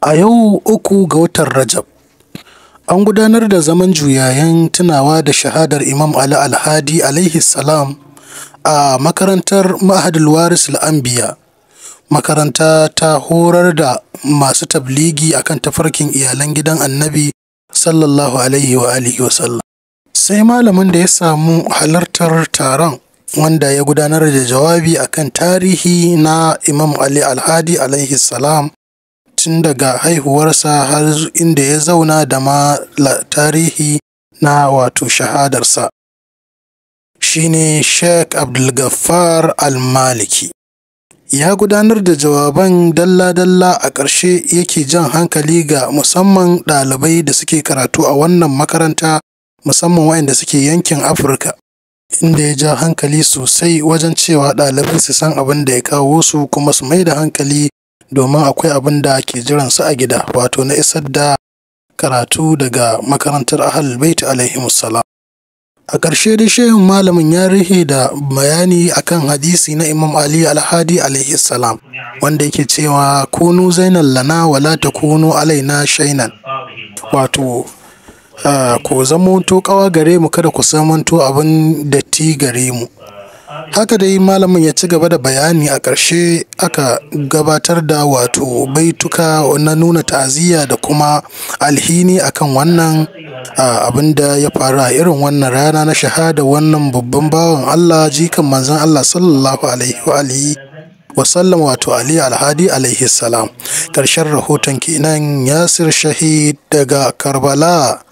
A yau uku ga watan Rajab, an gudanar da zaman juyayen tunawa da shahadar Imam Ali Alhadi alaihi salam a makarantar Ma'ahadul Waris Al'ambiya. Makaranta ta horar da masu tabligi akan tafarkin iyalan gidan annabi sallallahu alaihi wa alihi wasallam. Sai malamin da ya samu halartar taron wanda ya gudanar da jawabi akan tarihi na Imam Ali Alhadi alaihi salam tun daga haihuwarsa har inda ya zauna da ma tarihi na wato shahadarsa. Shi ne Sheikh Abdulgaffar Al-Maliki. Ya gudanar da jawaban dalla-dalla a ƙarshe yake jan hankali ga musamman ɗalibai da suke karatu a wannan makaranta musamman waɗanda suke yankin Afirka. inda ya ja hankali sosai wajen cewa ɗalibai su san abin da ya kawo su kuma su mai da hankali domin akwai abin da ke jiran jiransu a gida, wato na isar da karatu daga makarantar Ahlul Baiti musallam A ƙarshe da shehun malamin ya rihe da bayani akan hadisi na Imam Ali Alhadi alaihi salam wanda yake cewa kunu zainal lana wala ta kunu alaina shainan wato ah, ko to kawa gare mu kada ku zamanto abin datti gare mu Haka dai malamin ya ci gaba da bayani a ƙarshe aka gabatar da wato baituka na nuna ta'aziyya da kuma alhini akan wannan abin da ya faru a irin wannan rana na shahada wannan babban bawan Allah jikan manzon Allah sallallahu alaihi wa alihi wa wato Ali Alhadi alaihi salam. Ƙarshen rahoton kenan Yasir Shahid daga Karbala.